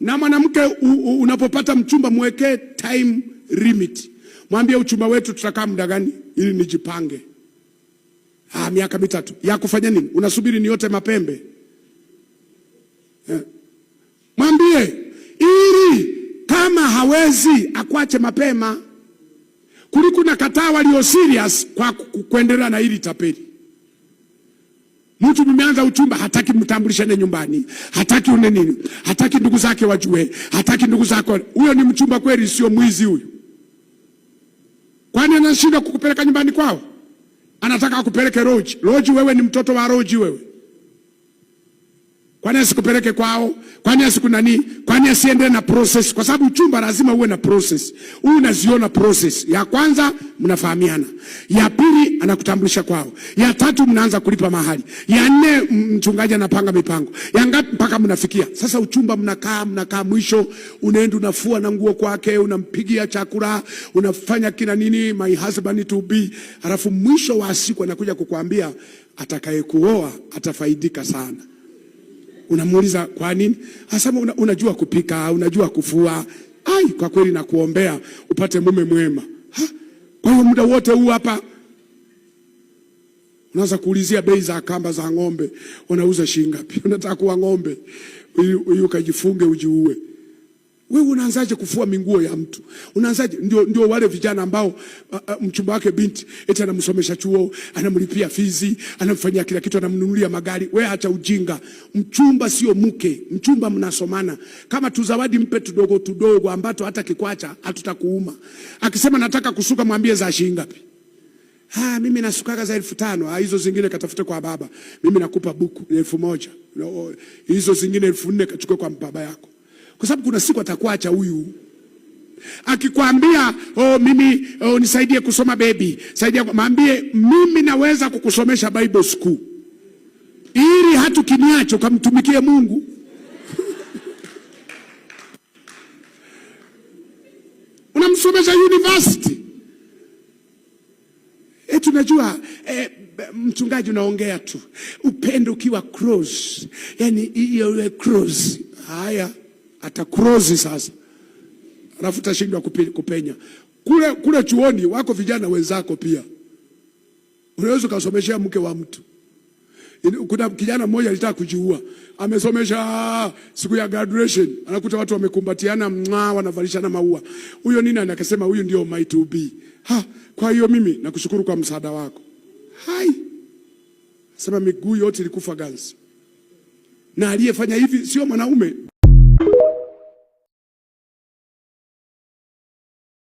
Na mwanamke unapopata mchumba, mwekee time limit, mwambie uchumba wetu tutakaa muda gani ili nijipange. Ah, miaka mitatu ya kufanya nini? Unasubiri niote mapembe eh. Mwambie ili kama hawezi akwache mapema kuliko na walio serious kwa kuendelea na hili tapeli. Mtu mmeanza uchumba, hataki mtambulishane nyumbani, hataki une nini, hataki ndugu zake wajue, hataki ndugu zako. Huyo ni mchumba kweli, sio mwizi huyu. Kwani anashindwa kukupeleka nyumbani kwao? Anataka akupeleke roji. Roji wewe ni mtoto wa roji wewe. Kwani asikupeleke kwao? Kwani asiku nani? Kwani asiende na process? Kwa sababu chumba lazima uwe na process. Huyu unaziona process. Ya kwanza mnafahamiana. Ya pili anakutambulisha kwao. Ya tatu mnaanza kulipa mahali. Ya nne mchungaji anapanga mipango. Ya ngapi mpaka mnafikia. Sasa uchumba mnakaa mnakaa, mwisho unaenda unafua na nguo kwake, unampigia chakula, unafanya kina nini, my husband to be. Halafu mwisho wa siku anakuja kukuambia atakayekuoa atafaidika sana unamuuliza kwa nini? Asema una, unajua kupika, unajua kufua. Ai, kwa kweli nakuombea upate mume mwema. Ha? Kwa hiyo muda wote huu hapa unaanza kuulizia bei za kamba za ng'ombe, wanauza shilingi ngapi? Unataka kuwa ng'ombe ili ukajifunge ujiue. Wewe unaanzaje kufua minguo ya mtu? Unaanzaje? Ndio, ndio wale vijana ambao uh, uh, mchumba wake binti eti anamsomesha chuo, anamlipia fizi, anamfanyia kila kitu, anamnunulia magari. Wewe acha ujinga. Mchumba sio mke, mchumba mnasomana. Kama tu zawadi mpe tudogo tudogo ambato hata kikwacha hatutakuuma. Akisema nataka kusuka mwambie za shilingi ngapi? Ha, ah, mimi nasukaga za elfu tano. Ha, ah, hizo zingine katafute kwa baba. Mimi nakupa buku elfu moja. Hizo zingine elfu nne kachukue kwa baba yako kwa sababu kuna siku atakuacha huyu. Akikwambia oh, mimi oh, nisaidie kusoma bebi, saidia, mwambie mimi naweza kukusomesha Bible school, ili hata ukiniacha ukamtumikie Mungu. Unamsomesha university eh, tunajua eh, mchungaji unaongea tu upendo ukiwa cross, yani iyo cross haya atakrozi sasa, alafu tashindwa kupenya kule. Kule chuoni wako vijana wenzako pia, unaweza ukasomeshea mke wa mtu. Kuna kijana mmoja alitaka kujiua, amesomesha ah, siku ya graduation, anakuta watu wamekumbatiana, mwa wanavalishana maua. Huyo nini, anakasema huyu ndio my to be. Ha, kwa hiyo mimi nakushukuru kwa msaada wako. Hai, sema miguu yote ilikufa ganzi, na aliyefanya hivi sio mwanaume.